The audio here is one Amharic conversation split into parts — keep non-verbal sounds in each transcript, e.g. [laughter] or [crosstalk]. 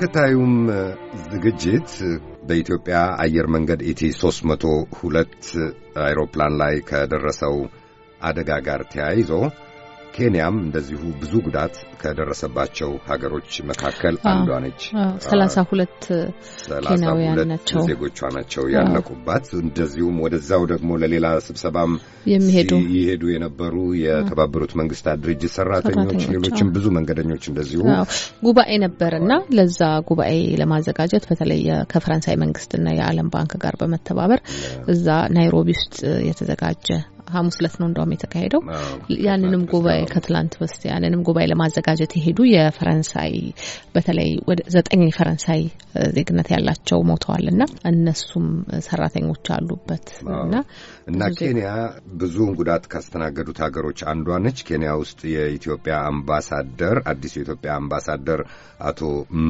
ተከታዩም ዝግጅት በኢትዮጵያ አየር መንገድ ኢቲ 302 አይሮፕላን ላይ ከደረሰው አደጋ ጋር ተያይዞ ኬንያም እንደዚሁ ብዙ ጉዳት ከደረሰባቸው ሀገሮች መካከል አንዷ ነች። ሰላሳ ሁለት ኬንያውያን ናቸው ዜጎቿ ናቸው ያለቁባት። እንደዚሁም ወደዛው ደግሞ ለሌላ ስብሰባም የሚሄዱ ይሄዱ የነበሩ የተባበሩት መንግስታት ድርጅት ሰራተኞች፣ ሌሎችም ብዙ መንገደኞች እንደዚሁ ጉባኤ ነበር እና ለዛ ጉባኤ ለማዘጋጀት በተለይ ከፈረንሳይ መንግስትና የዓለም ባንክ ጋር በመተባበር እዛ ናይሮቢ ውስጥ የተዘጋጀ ሐሙስ ዕለት ነው እንደውም የተካሄደው። ያንንም ጉባኤ ከትላንት በስቲያ ያንንም ጉባኤ ለማዘጋጀት የሄዱ የፈረንሳይ በተለይ ወደ ዘጠኝ ፈረንሳይ ዜግነት ያላቸው ሞተዋል እና እነሱም ሰራተኞች አሉበት እና እና ኬንያ ብዙውን ጉዳት ካስተናገዱት ሀገሮች አንዷ ነች። ኬንያ ውስጥ የኢትዮጵያ አምባሳደር አዲሱ የኢትዮጵያ አምባሳደር አቶ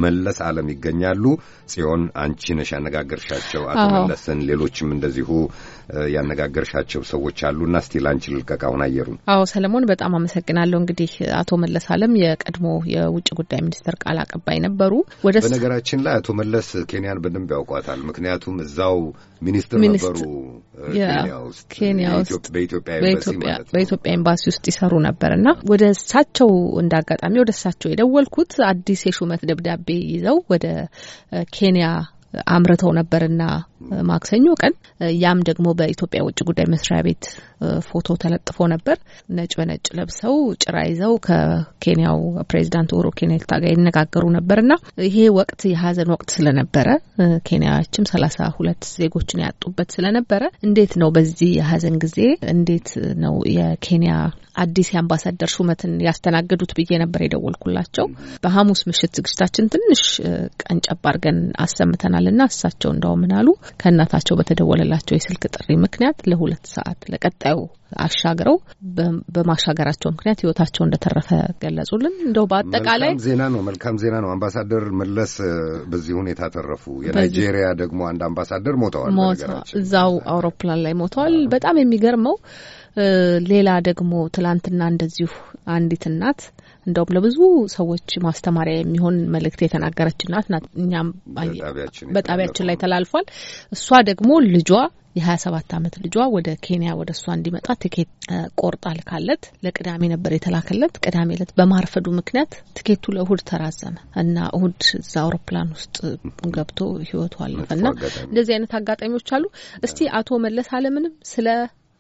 መለስ አለም ይገኛሉ። ጽዮን አንቺ ነሽ ያነጋገርሻቸው አቶ መለስን፣ ሌሎችም እንደዚሁ ያነጋገርሻቸው ሰዎች አሉ ና ስቲል አንቺ ልልቀቅ አሁን አዎ ሰለሞን በጣም አመሰግናለሁ። እንግዲህ አቶ መለስ አለም የቀድሞ የውጭ ጉዳይ ሚኒስትር ቃል አቀባይ ነበሩ። ወደ በነገራችን ላይ አቶ መለስ ኬንያን በደንብ ያውቋታል። ምክንያቱም እዛው ሚኒስትር ነበሩ ኬንያ ውስጥ በኢትዮጵያ ኤምባሲ ውስጥ ይሰሩ ነበር እና ወደ እሳቸው እንዳጋጣሚ ወደ እሳቸው የደወልኩት አዲስ የሹመት ደብዳቤ ይዘው ወደ ኬንያ አምርተው ነበርና ማክሰኞ ቀን ያም ደግሞ በኢትዮጵያ ውጭ ጉዳይ መስሪያ ቤት ፎቶ ተለጥፎ ነበር። ነጭ በነጭ ለብሰው ጭራ ይዘው ከኬንያው ፕሬዚዳንት ኡሁሩ ኬንያታ ጋር ይነጋገሩ ነበርና ይሄ ወቅት የሀዘን ወቅት ስለነበረ ኬንያዎችም ሰላሳ ሁለት ዜጎችን ያጡበት ስለነበረ እንዴት ነው በዚህ የሀዘን ጊዜ እንዴት ነው የኬንያ አዲስ የአምባሳደር ሹመትን ያስተናገዱት ብዬ ነበር የደወልኩላቸው። በሐሙስ ምሽት ዝግጅታችን ትንሽ ቀንጨብ አድርገን አሰምተናል እና እሳቸው እንደው ምን አሉ? ከእናታቸው በተደወለላቸው የስልክ ጥሪ ምክንያት ለሁለት ሰዓት ለቀጣዩ አሻግረው በማሻገራቸው ምክንያት ህይወታቸው እንደተረፈ ገለጹልን። እንደው በአጠቃላይ ዜና ነው፣ መልካም ዜና ነው። አምባሳደር መለስ በዚህ ሁኔታ ተረፉ። የናይጄሪያ ደግሞ አንድ አምባሳደር ሞተዋል፣ እዛው አውሮፕላን ላይ ሞተዋል። በጣም የሚገርመው ሌላ ደግሞ ትላንትና እንደዚሁ አንዲት እናት እንደውም ለብዙ ሰዎች ማስተማሪያ የሚሆን መልእክት የተናገረች እናት ናት። እኛም በጣቢያችን ላይ ተላልፏል። እሷ ደግሞ ልጇ የሀያ ሰባት አመት ልጇ ወደ ኬንያ ወደ እሷ እንዲመጣ ትኬት ቆርጣ ልካለት ለቅዳሜ ነበር የተላከለት። ቅዳሜ ዕለት በማርፈዱ ምክንያት ትኬቱ ለእሁድ ተራዘመ እና እሁድ እዛ አውሮፕላን ውስጥ ገብቶ ህይወቱ አለፈ እና እንደዚህ አይነት አጋጣሚዎች አሉ። እስቲ አቶ መለስ አለምንም ስለ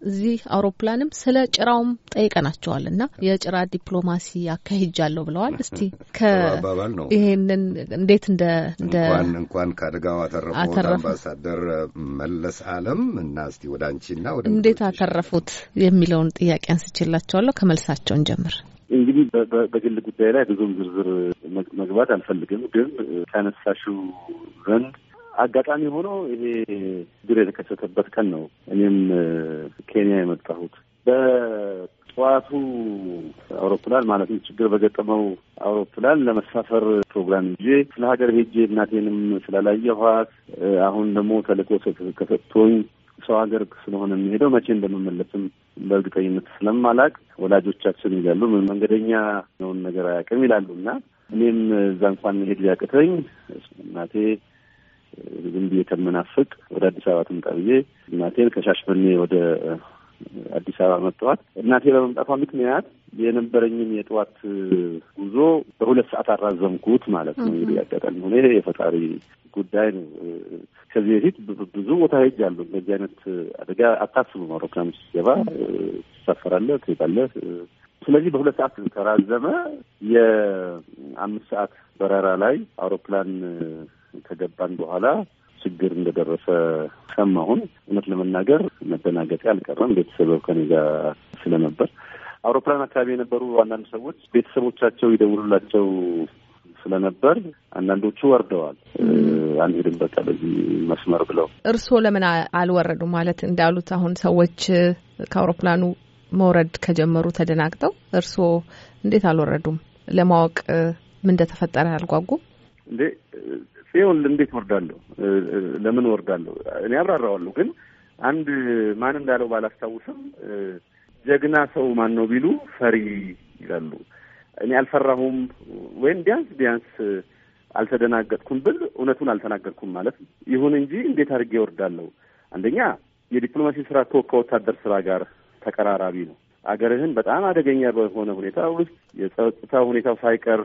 እዚህ አውሮፕላንም ስለ ጭራውም ጠይቀናቸዋል እና የጭራ ዲፕሎማሲ አካሂጃለሁ ብለዋል። እስቲ ከአባባል ነው ይሄንን እንዴት እንደ እንኳን እንኳን ከአደጋው አተረፉት አምባሳደር መለስ አለም እና እስቲ ወደ አንቺና ወደ እንዴት አተረፉት የሚለውን ጥያቄ አንስችላቸዋለሁ። ከመልሳቸውን ጀምር። እንግዲህ በግል ጉዳይ ላይ ብዙም ዝርዝር መግባት አልፈልግም፣ ግን ከነሳሹ ዘንድ አጋጣሚ ሆኖ ይሄ ድር የተከሰተበት ቀን ነው። እኔም ኬንያ የመጣሁት በጠዋቱ አውሮፕላን ማለትም ችግር በገጠመው አውሮፕላን ለመሳፈር ፕሮግራም ይዤ ስለ ሀገር ሄጄ እናቴንም ስላላየኋት አሁን ደግሞ ተልእኮ ከሰጥቶኝ ሰው ሀገር ስለሆነ የሚሄደው መቼ እንደምመለስም በእርግጠኝነት ስለማላቅ ወላጆቻችን ይላሉ መንገደኛ ነውን ነገር አያውቅም ይላሉ እና እኔም እዛ እንኳን መሄድ ሊያቅተኝ እናቴ ዝም ብዬ ከምናፍቅ ወደ አዲስ አበባ ትምጣ ብዬ እናቴን ከሻሽመኔ ወደ አዲስ አበባ መጥተዋል። እናቴ በመምጣቷ ምክንያት የነበረኝን የጠዋት ጉዞ በሁለት ሰዓት አራዘምኩት ማለት ነው። እንግዲህ ያጋጣሚ ሆነ የፈጣሪ ጉዳይ ነው። ከዚህ በፊት ብዙ ቦታ ሄጅ አሉ። እንደዚህ አይነት አደጋ አታስቡም። አውሮፕላን ውስጥ ሲገባ ትሳፈራለህ፣ ትሄዳለህ። ስለዚህ በሁለት ሰዓት ከራዘመ የአምስት ሰዓት በረራ ላይ አውሮፕላን ከገባን በኋላ ችግር እንደደረሰ ሰማሁን። እውነት ለመናገር መደናገጤ አልቀረም። ቤተሰብ ከኔ ጋር ስለነበር አውሮፕላን አካባቢ የነበሩ አንዳንድ ሰዎች ቤተሰቦቻቸው ይደውሉላቸው ስለነበር አንዳንዶቹ ወርደዋል። አንሄድም በቃ በዚህ መስመር ብለው። እርስዎ ለምን አልወረዱም? ማለት እንዳሉት አሁን ሰዎች ከአውሮፕላኑ መውረድ ከጀመሩ ተደናግጠው፣ እርስዎ እንዴት አልወረዱም? ለማወቅ ምን እንደተፈጠረ አልጓጉም እንዴ? ወጥቼ እንዴት ወርዳለሁ? ለምን ወርዳለሁ? እኔ አብራራዋለሁ። ግን አንድ ማን እንዳለው ባላስታውስም ጀግና ሰው ማን ነው ቢሉ ፈሪ ይላሉ። እኔ አልፈራሁም ወይም ቢያንስ ቢያንስ አልተደናገጥኩም ብል እውነቱን አልተናገርኩም ማለት ነው። ይሁን እንጂ እንዴት አድርጌ ወርዳለሁ? አንደኛ የዲፕሎማሲ ስራ ከወታደር ስራ ጋር ተቀራራቢ ነው። አገርህን በጣም አደገኛ በሆነ ሁኔታ ውስጥ የጸጥታ ሁኔታው ሳይቀር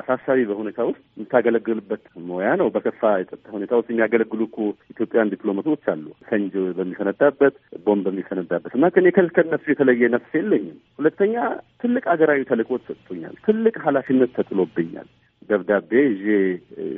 አሳሳቢ በሁኔታ ውስጥ የምታገለግልበት ሙያ ነው። በከፋ የጸጥታ ሁኔታ ውስጥ የሚያገለግሉ እኮ ኢትዮጵያን ዲፕሎማቶች አሉ። ፈንጅ በሚፈነዳበት፣ ቦምብ በሚፈነዳበት እና ከኔ ከነሱ የተለየ ነፍስ የለኝም። ሁለተኛ ትልቅ አገራዊ ተልእኮ ተሰጥቶኛል። ትልቅ ኃላፊነት ተጥሎብኛል። ደብዳቤ ይዤ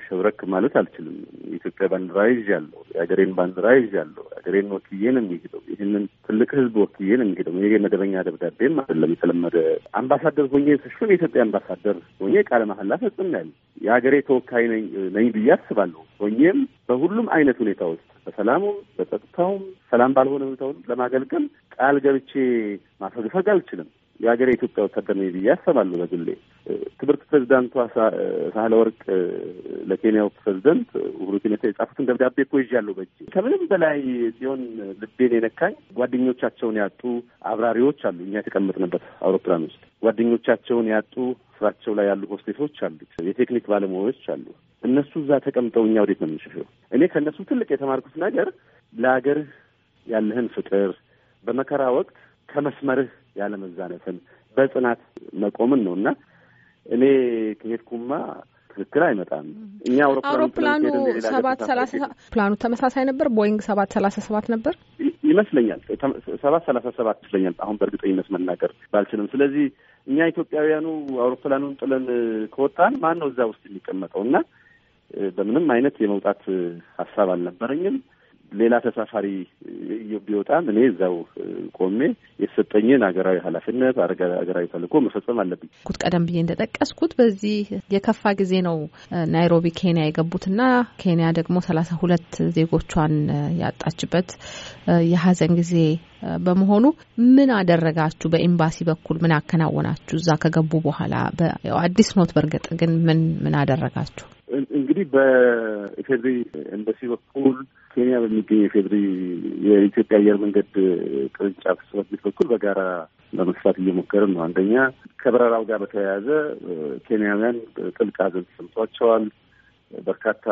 ሸብረክ ማለት አልችልም። የኢትዮጵያ ባንዲራ ይዣለሁ። የሀገሬን ባንዲራ ይዣለሁ። ሀገሬን ወክዬ ነው የሚሄደው። ይህንን ትልቅ ህዝብ ወክዬ ነው የሚሄደው። ይሄ መደበኛ ደብዳቤም አይደለም የተለመደ። አምባሳደር ሆኜ ስሹም የኢትዮጵያ አምባሳደር ሆኜ ቃለ መሀላ ያል የሀገሬ ተወካይ ነኝ ብዬ አስባለሁ። ሆኜም በሁሉም አይነት ሁኔታ ውስጥ በሰላሙም በጸጥታውም ሰላም ባልሆነ ሁኔታውን ለማገልገል ቃል ገብቼ ማፈግፈግ አልችልም። የሀገር የኢትዮጵያ ወታደር ነኝ ብዬ አስባለሁ በግሌ። ትምህርት ፕሬዚዳንቷ ሳህለ ወርቅ ለኬንያው ፕሬዚደንት ኡሁሩ ኬንያታ የጻፉትን ደብዳቤ እኮ ይዣለሁ በእጅ። ከምንም በላይ ሲሆን ልቤን የነካኝ ጓደኞቻቸውን ያጡ አብራሪዎች አሉ። እኛ የተቀመጥንበት አውሮፕላን ውስጥ ጓደኞቻቸውን ያጡ ስራቸው ላይ ያሉ ሆስቴቶች አሉት፣ የቴክኒክ ባለሙያዎች አሉ። እነሱ እዛ ተቀምጠው እኛ ወዴት ነው የምንሸሸው? እኔ ከእነሱ ትልቅ የተማርኩት ነገር ለሀገርህ ያለህን ፍቅር በመከራ ወቅት ከመስመርህ ያለመዛነፍን በጽናት መቆምን ነው እና እኔ ከሄድኩማ ትክክል አይመጣም። እኛ አውሮፕላኑ ሰባት ሰላሳ ፕላኑ ተመሳሳይ ነበር። ቦይንግ ሰባት ሰላሳ ሰባት ነበር ይመስለኛል። ሰባት ሰላሳ ሰባት ይመስለኛል። አሁን በእርግጠኝነት መናገር ባልችልም። ስለዚህ እኛ ኢትዮጵያውያኑ አውሮፕላኑን ጥለን ከወጣን ማን ነው እዛ ውስጥ የሚቀመጠው? እና በምንም አይነት የመውጣት ሀሳብ አልነበረኝም። ሌላ ተሳፋሪ ቢወጣም እኔ እዛው ቆሜ የተሰጠኝን ሀገራዊ ኃላፊነት ሀገራዊ ተልዕኮ መፈጸም አለብኝ። ኩት ቀደም ብዬ እንደጠቀስኩት በዚህ የከፋ ጊዜ ነው ናይሮቢ ኬንያ የገቡትና ኬንያ ደግሞ ሰላሳ ሁለት ዜጎቿን ያጣችበት የሀዘን ጊዜ በመሆኑ ምን አደረጋችሁ? በኤምባሲ በኩል ምን አከናወናችሁ? እዛ ከገቡ በኋላ አዲስ ኖት በእርግጥ ግን ምን ምን አደረጋችሁ? እንግዲህ በኢፌዴሪ ኤምባሲ በኩል ኬንያ በሚገኝ የፌድሪ የኢትዮጵያ አየር መንገድ ቅርንጫፍ ጽሕፈት ቤት በኩል በጋራ ለመስራት እየሞከርን ነው። አንደኛ ከበረራው ጋር በተያያዘ ኬንያውያን ጥልቅ ሐዘን ተሰምቷቸዋል። በርካታ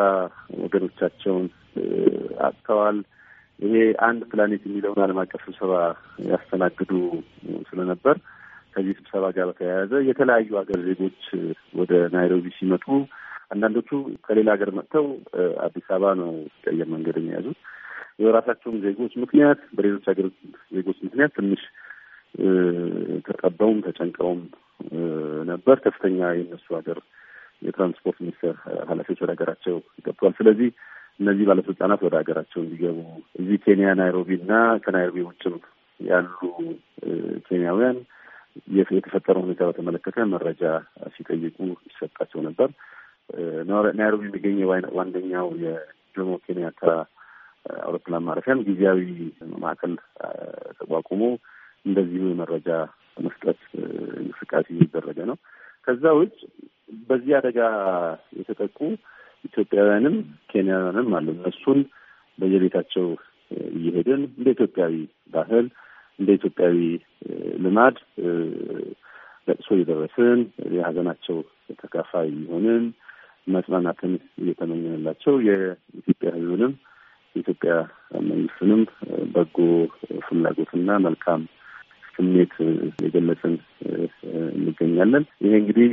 ወገኖቻቸውን አጥተዋል። ይሄ አንድ ፕላኔት የሚለውን ዓለም አቀፍ ስብሰባ ያስተናግዱ ስለነበር ከዚህ ስብሰባ ጋር በተያያዘ የተለያዩ ሀገር ዜጎች ወደ ናይሮቢ ሲመጡ አንዳንዶቹ ከሌላ ሀገር መጥተው አዲስ አበባ ነው ቀየር መንገድ የያዙት። የራሳቸውም ዜጎች ምክንያት በሌሎች ሀገር ዜጎች ምክንያት ትንሽ ተጠበውም ተጨንቀውም ነበር። ከፍተኛ የነሱ ሀገር የትራንስፖርት ሚኒስቴር ኃላፊዎች ወደ ሀገራቸው ገብተዋል። ስለዚህ እነዚህ ባለስልጣናት ወደ ሀገራቸው እንዲገቡ እዚህ ኬንያ ናይሮቢ እና ከናይሮቢ ውጭም ያሉ ኬንያውያን የተፈጠረው ሁኔታ በተመለከተ መረጃ ሲጠይቁ ይሰጣቸው ነበር። ናይሮቢ የሚገኘው ዋንደኛው የጆሞ ኬንያታ አውሮፕላን ማረፊያም ጊዜያዊ ማዕከል ተቋቁሞ እንደዚሁ የመረጃ መስጠት እንቅስቃሴ እየተደረገ ነው። ከዛ ውጭ በዚህ አደጋ የተጠቁ ኢትዮጵያውያንም ኬንያውያንም አሉ። እነሱን በየቤታቸው እየሄድን እንደ ኢትዮጵያዊ ባህል እንደ ኢትዮጵያዊ ልማድ ለቅሶ እየደረስን የሀዘናቸው ተካፋይ የሆንን መጽናናትን እየተመኘንላቸው የኢትዮጵያ ሕዝብንም የኢትዮጵያ መንግስትንም በጎ ፍላጎትና መልካም ስሜት የገለጽን እንገኛለን። ይሄ እንግዲህ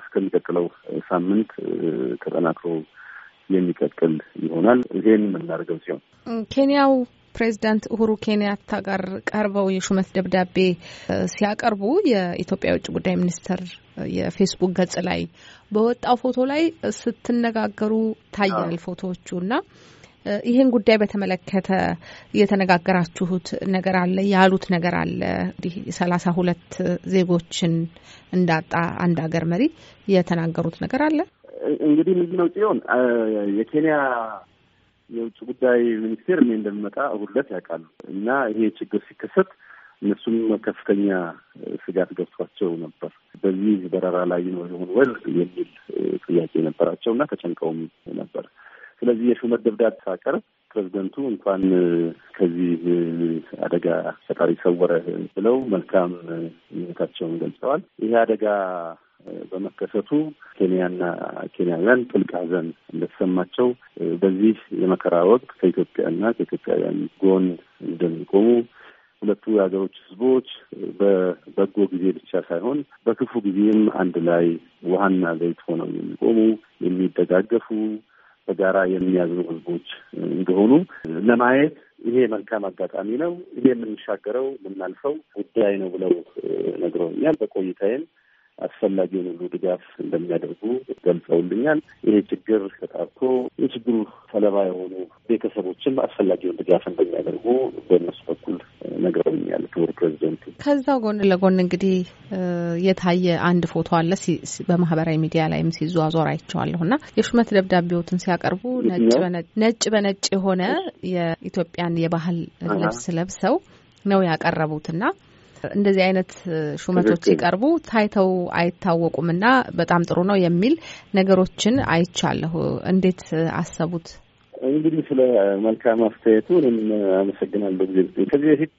እስከሚቀጥለው ሳምንት ተጠናክሮ የሚቀጥል ይሆናል። ይሄን የምናደርገው ሲሆን ኬንያው ፕሬዚዳንት ኡሁሩ ኬንያታ ጋር ቀርበው የሹመት ደብዳቤ ሲያቀርቡ የኢትዮጵያ የውጭ ጉዳይ ሚኒስትር የፌስቡክ ገጽ ላይ በወጣው ፎቶ ላይ ስትነጋገሩ ታያል ፎቶዎቹ እና ይህን ጉዳይ በተመለከተ የተነጋገራችሁት ነገር አለ ያሉት ነገር አለ። እንዲህ ሰላሳ ሁለት ዜጎችን እንዳጣ አንድ ሀገር መሪ የተናገሩት ነገር አለ። እንግዲህ ምንድን ነው ጽዮን የኬንያ የውጭ ጉዳይ ሚኒስቴር እኔ እንደምመጣ ሁለት ያውቃሉ እና ይሄ ችግር ሲከሰት እነሱም ከፍተኛ ስጋት ገብቷቸው ነበር። በዚህ በረራ ላይ ነው የሆን ወል የሚል ጥያቄ ነበራቸው እና ተጨንቀውም ነበር። ስለዚህ የሹመት ደብዳቤ ሳቀርብ ፕሬዚደንቱ እንኳን ከዚህ አደጋ ፈጣሪ ሰወረ ብለው መልካም ምኞታቸውን ገልጸዋል። ይሄ አደጋ በመከሰቱ ኬንያና ኬንያውያን ጥልቅ ሐዘን እንደተሰማቸው በዚህ የመከራ ወቅት ከኢትዮጵያና ከኢትዮጵያውያን ጎን እንደሚቆሙ ሁለቱ የሀገሮች ህዝቦች በበጎ ጊዜ ብቻ ሳይሆን በክፉ ጊዜም አንድ ላይ ውሃና ዘይት ሆነው የሚቆሙ የሚደጋገፉ በጋራ የሚያዝኑ ህዝቦች እንደሆኑ ለማየት ይሄ መልካም አጋጣሚ ነው። ይሄ የምንሻገረው የምናልፈው ጉዳይ ነው ብለው ነግረውኛል። በቆይታዬም አስፈላጊውን ሁሉ ድጋፍ እንደሚያደርጉ ገልጸውልኛል። ይሄ ችግር ተጣርቶ የችግሩ ሰለባ የሆኑ ቤተሰቦችም አስፈላጊውን ድጋፍ እንደሚያደርጉ በእነሱ በኩል ነግረውኛል ክቡር ፕሬዚደንቱ። ከዛው ጎን ለጎን እንግዲህ የታየ አንድ ፎቶ አለ በማህበራዊ ሚዲያ ላይም ሲዘዋወር አይቼዋለሁ እና የሹመት ደብዳቤዎትን ሲያቀርቡ ነጭ በነጭ የሆነ የኢትዮጵያን የባህል ልብስ ለብሰው ነው ያቀረቡትና እንደዚህ አይነት ሹመቶች ሲቀርቡ ታይተው አይታወቁም እና በጣም ጥሩ ነው የሚል ነገሮችን አይቻለሁ። እንዴት አሰቡት? እንግዲህ ስለ መልካም አስተያየቱ እኔም አመሰግናለሁ። ጊዜ ከዚህ በፊት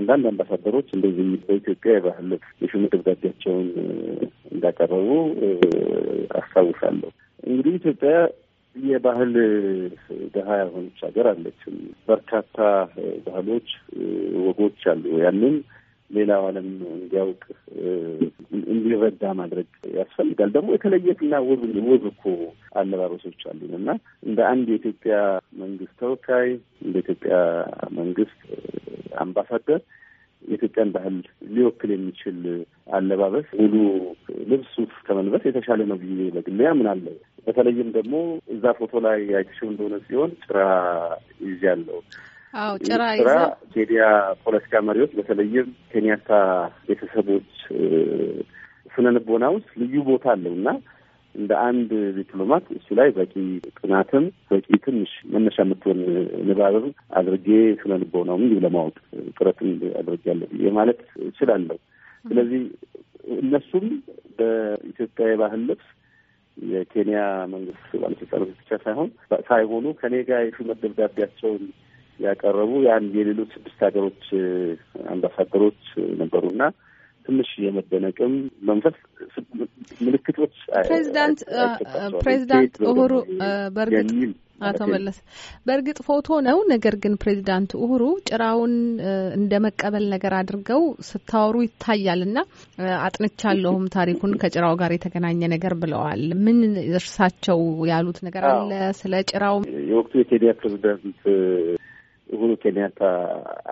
አንዳንድ አምባሳደሮች እንደዚህ በኢትዮጵያ የባህል የሹመት ደብዳቤያቸውን እንዳቀረቡ አስታውሳለሁ። እንግዲህ ኢትዮጵያ የባህል ድሀ የሆነች ሀገር አለችም። በርካታ ባህሎች፣ ወጎች አሉ። ያንን ሌላው ዓለም እንዲያውቅ እንዲረዳ ማድረግ ያስፈልጋል። ደግሞ የተለየትና ውብ ውብ እኮ አለባበሶች አሉን እና እንደ አንድ የኢትዮጵያ መንግስት ተወካይ እንደ ኢትዮጵያ መንግስት አምባሳደር የኢትዮጵያን ባህል ሊወክል የሚችል አለባበስ ሙሉ ልብስ ሱፍ ከመልበስ የተሻለ ነው ብዬ በግሌ አምናለሁ። በተለይም ደግሞ እዛ ፎቶ ላይ አይተሽው እንደሆነ ሲሆን ጭራ ይዣለሁ። አዎ ጭራ ይዛ ኬንያ ፖለቲካ መሪዎች በተለይም ኬንያታ ቤተሰቦች ልቦና ውስጥ ልዩ ቦታ አለው እና እንደ አንድ ዲፕሎማት እሱ ላይ በቂ ጥናትም በቂ ትንሽ መነሻ የምትሆን ንባብም አድርጌ ስነልቦናውም እንዲሁ ለማወቅ ጥረትም አድርጌያለሁ ማለት እችላለሁ። ስለዚህ እነሱም በኢትዮጵያ የባህል ልብስ የኬንያ መንግስት ባለስልጣኖች ብቻ ሳይሆን ሳይሆኑ ከኔ ጋር የሹመት ደብዳቤያቸውን ያቀረቡ ያን የሌሎች ስድስት ሀገሮች አምባሳደሮች ነበሩና ትንሽ የመደነቅም መንፈስ ምልክቶች ፕሬዚዳንት ፕሬዚዳንት ኡሁሩ በእርግጥ አቶ መለስ በእርግጥ ፎቶ ነው። ነገር ግን ፕሬዚዳንት ኡሁሩ ጭራውን እንደ መቀበል ነገር አድርገው ስታወሩ ይታያል እና አጥንቻለሁም ታሪኩን ከጭራው ጋር የተገናኘ ነገር ብለዋል። ምን እርሳቸው ያሉት ነገር አለ ስለ ጭራው? የወቅቱ የኬንያ ፕሬዚዳንት ኡሁሩ ኬንያታ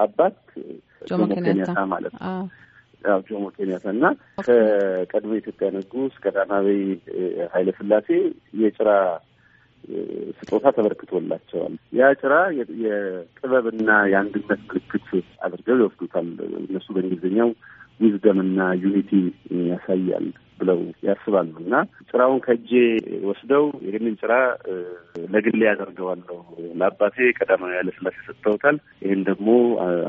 አባት ጆሞ ኬንያታ ማለት ነው ያው ጆሞ ኬንያታ ከቀድሞ የኢትዮጵያ ንጉስ ቀዳማዊ ኃይለ ሥላሴ የጭራ ስጦታ ተበርክቶላቸዋል። ያ ጭራ የጥበብና የአንድነት ምልክት አድርገው ይወስዱታል። እነሱ በእንግሊዝኛው ዊዝደምና ዩኒቲ ያሳያል ብለው ያስባሉ እና ጭራውን ከእጄ ወስደው ይህንን ጭራ ለግሌ ያደርገዋለሁ ለአባቴ ቀዳማዊ ኃይለሥላሴ ሰጥተውታል፣ ይህን ደግሞ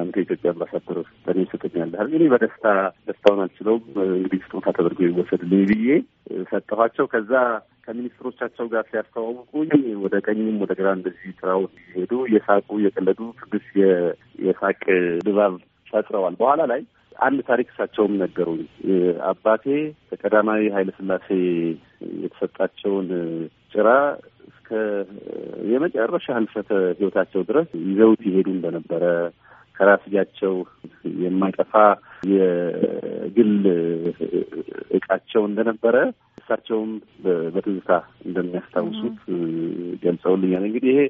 አንተ የኢትዮጵያ አምባሳደር ለኔ ሰጥኛለህ። እኔ በደስታ ደስታውን አልችለውም፣ እንግዲህ ስጦታ ተደርጎ ይወሰድልኝ ብዬ ሰጠኋቸው። ከዛ ከሚኒስትሮቻቸው ጋር ሲያስተዋውቁኝ ወደ ቀኝም ወደ ግራ እንደዚህ ጭራውን ሲሄዱ የሳቁ የቀለዱ ትግስ የሳቅ ድባብ ፈጥረዋል። በኋላ ላይ አንድ ታሪክ እሳቸውም ነገሩኝ። አባቴ ከቀዳማዊ ኃይለሥላሴ የተሰጣቸውን ጭራ እስከ የመጨረሻ ህልፈተ ህይወታቸው ድረስ ይዘውት ይሄዱ እንደነበረ ከራስጃቸው የማይጠፋ የግል እቃቸው እንደነበረ እሳቸውም በትዝታ እንደሚያስታውሱት ገልጸውልኛል። እንግዲህ ይሄ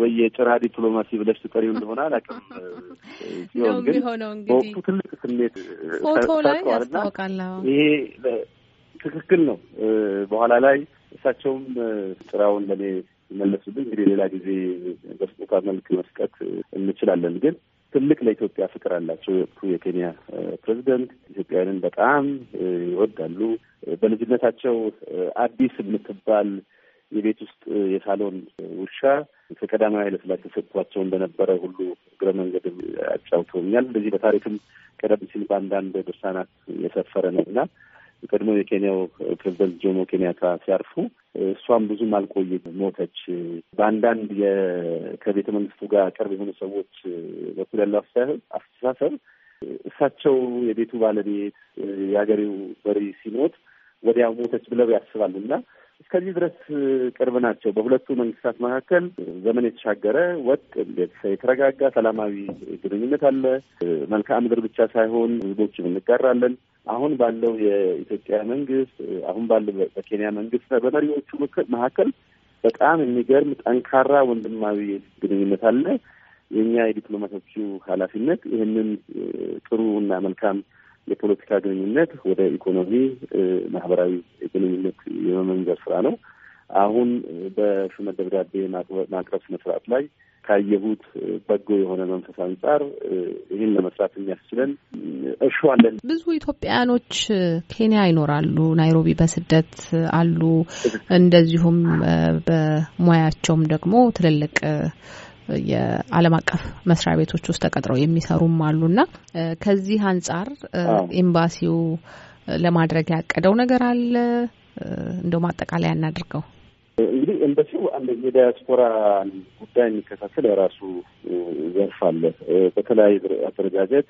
ወይ የጭራ ዲፕሎማሲ ብለሽ ትጠሪው እንደሆነ አላውቅም። [laughs] ሲሆን ግን በወቅቱ ትልቅ ስሜት ሰጥተዋልና ይሄ ትክክል ነው። በኋላ ላይ እሳቸውም ጭራውን ለእኔ መለሱልኝ። እንግዲህ ሌላ ጊዜ በስጦታ መልክ መስቀት እንችላለን ግን ትልቅ ለኢትዮጵያ ፍቅር አላቸው። የወቅቱ የኬንያ ፕሬዚደንት ኢትዮጵያውያንን በጣም ይወዳሉ። በልጅነታቸው አዲስ የምትባል የቤት ውስጥ የሳሎን ውሻ ከቀዳማዊ ኃይለ ኃይለሥላሴ ተሰጥቷቸው እንደነበረ ሁሉ እግረ መንገድ አጫውተውኛል። እንደዚህ በታሪክም ቀደም ሲል በአንዳንድ ድርሳናት የሰፈረ ነው እና ቀድሞ የኬንያው ፕሬዚደንት ጆሞ ኬንያታ ሲያርፉ እሷም ብዙም አልቆይ ሞተች። በአንዳንድ ከቤተ መንግስቱ ጋር ቅርብ የሆኑ ሰዎች በኩል ያለው አስተሳሰብ እሳቸው የቤቱ ባለቤት የሀገሬው መሪ ሲሞት ወዲያው ሞተች ብለው ያስባል እና እስከዚህ ድረስ ቅርብ ናቸው። በሁለቱ መንግስታት መካከል ዘመን የተሻገረ ወጥ የተረጋጋ ሰላማዊ ግንኙነት አለ። መልክዓ ምድር ብቻ ሳይሆን ህዝቦችም እንጋራለን። አሁን ባለው የኢትዮጵያ መንግስት አሁን ባለው በኬንያ መንግስት በመሪዎቹ መካከል በጣም የሚገርም ጠንካራ ወንድማዊ ግንኙነት አለ። የእኛ የዲፕሎማቶቹ ኃላፊነት ይህንን ጥሩ እና መልካም የፖለቲካ ግንኙነት ወደ ኢኮኖሚ፣ ማህበራዊ ግንኙነት የመመንዘር ስራ ነው። አሁን በሹመት ደብዳቤ ማቅረብ ስነ ስርዓት ላይ ካየሁት በጎ የሆነ መንፈስ አንጻር ይህን ለመስራት የሚያስችለን እሹ አለን። ብዙ ኢትዮጵያውያኖች ኬንያ ይኖራሉ፣ ናይሮቢ በስደት አሉ። እንደዚሁም በሙያቸውም ደግሞ ትልልቅ የዓለም አቀፍ መስሪያ ቤቶች ውስጥ ተቀጥረው የሚሰሩም አሉና ከዚህ አንጻር ኤምባሲው ለማድረግ ያቀደው ነገር አለ እንደው ማጠቃለያ እናድርገው። እንግዲህ ኤምባሲው የዲያስፖራ ጉዳይ የሚከታተል የራሱ ዘርፍ አለ። በተለያየ አደረጃጀት፣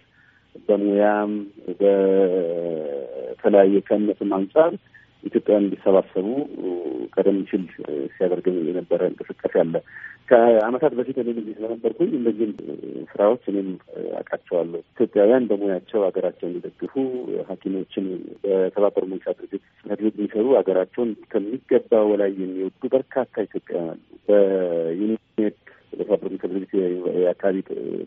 በሙያም በተለያየ ከእምነትም አንጻር ኢትዮጵያን እንዲሰባሰቡ ቀደም ሲል ሲያደርግም የነበረ እንቅስቃሴ አለ። ከአመታት በፊት እኔ ጊዜ ስለነበርኩኝ እንደዚህም ስራዎች እኔም አውቃቸዋለሁ። ኢትዮጵያውያን በሙያቸው ሀገራቸውን ሊደግፉ ሐኪሞችን በተባበሩ መንግስታት ድርጅት ጽሕፈት ቤት የሚሰሩ ሀገራቸውን ከሚገባ ወላይ የሚወዱ በርካታ ኢትዮጵያውያን አሉ። በዩኒሴፍ በተባበሩ መንግስታት ድርጅት የአካባቢ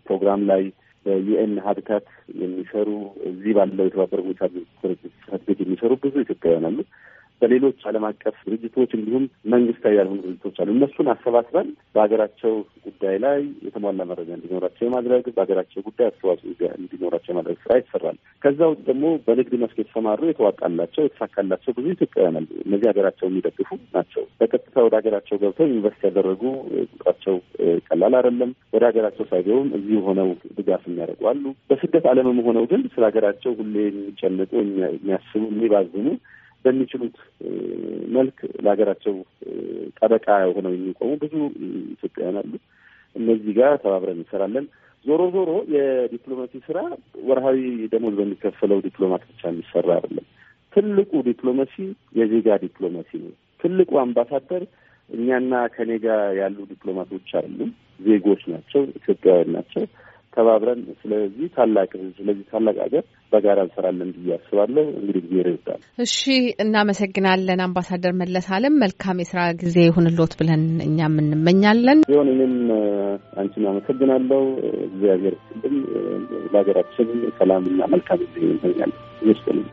ፕሮግራም ላይ በዩኤን ሀብታት የሚሰሩ እዚህ ባለው የተባበሩ መንግስታት ድርጅት ጽሕፈት ቤት የሚሰሩ ብዙ ኢትዮጵያውያን አሉ። በሌሎች ዓለም አቀፍ ድርጅቶች እንዲሁም መንግስታዊ ያልሆኑ ድርጅቶች አሉ። እነሱን አሰባስበን በሀገራቸው ጉዳይ ላይ የተሟላ መረጃ እንዲኖራቸው የማድረግ በሀገራቸው ጉዳይ አስተዋጽኦ እንዲኖራቸው የማድረግ ስራ ይሰራል። ከዛ ውጭ ደግሞ በንግድ መስክ የተሰማሩ የተዋጣላቸው የተሳካላቸው ብዙ ኢትዮጵያውያን አሉ። እነዚህ ሀገራቸው የሚደግፉ ናቸው። በቀጥታ ወደ ሀገራቸው ገብተው ዩኒቨርስቲ ያደረጉ ቁጥራቸው ቀላል አይደለም። ወደ ሀገራቸው ሳይገቡም እዚህ ሆነው ድጋፍ የሚያደርጉ አሉ። በስደት ዓለምም ሆነው ግን ስለ ሀገራቸው ሁሌ የሚጨንቁ የሚያስቡ የሚባዝኑ በሚችሉት መልክ ለሀገራቸው ጠበቃ ሆነው የሚቆሙ ብዙ ኢትዮጵያውያን አሉ። እነዚህ ጋር ተባብረን እንሰራለን። ዞሮ ዞሮ የዲፕሎማሲ ስራ ወርሃዊ ደሞዝ በሚከፈለው ዲፕሎማት ብቻ የሚሰራ አይደለም። ትልቁ ዲፕሎማሲ የዜጋ ዲፕሎማሲ ነው። ትልቁ አምባሳደር እኛና ከኔ ጋር ያሉ ዲፕሎማቶች አሉ። ዜጎች ናቸው፣ ኢትዮጵያውያን ናቸው። ተባብረን ስለዚህ ታላቅ ህዝብ ስለዚህ ታላቅ ሀገር በጋራ እንሰራለን ብዬ አስባለሁ። እንግዲህ ጊዜ ይረዳል። እሺ፣ እናመሰግናለን አምባሳደር መለስ አለም። መልካም የስራ ጊዜ ይሁንልዎት ብለን እኛም እንመኛለን። ሆን እኔም አንቺን አመሰግናለሁ። እግዚአብሔር ስልም ለሀገራችን ሰላምና መልካም ጊዜ ይመኛለን።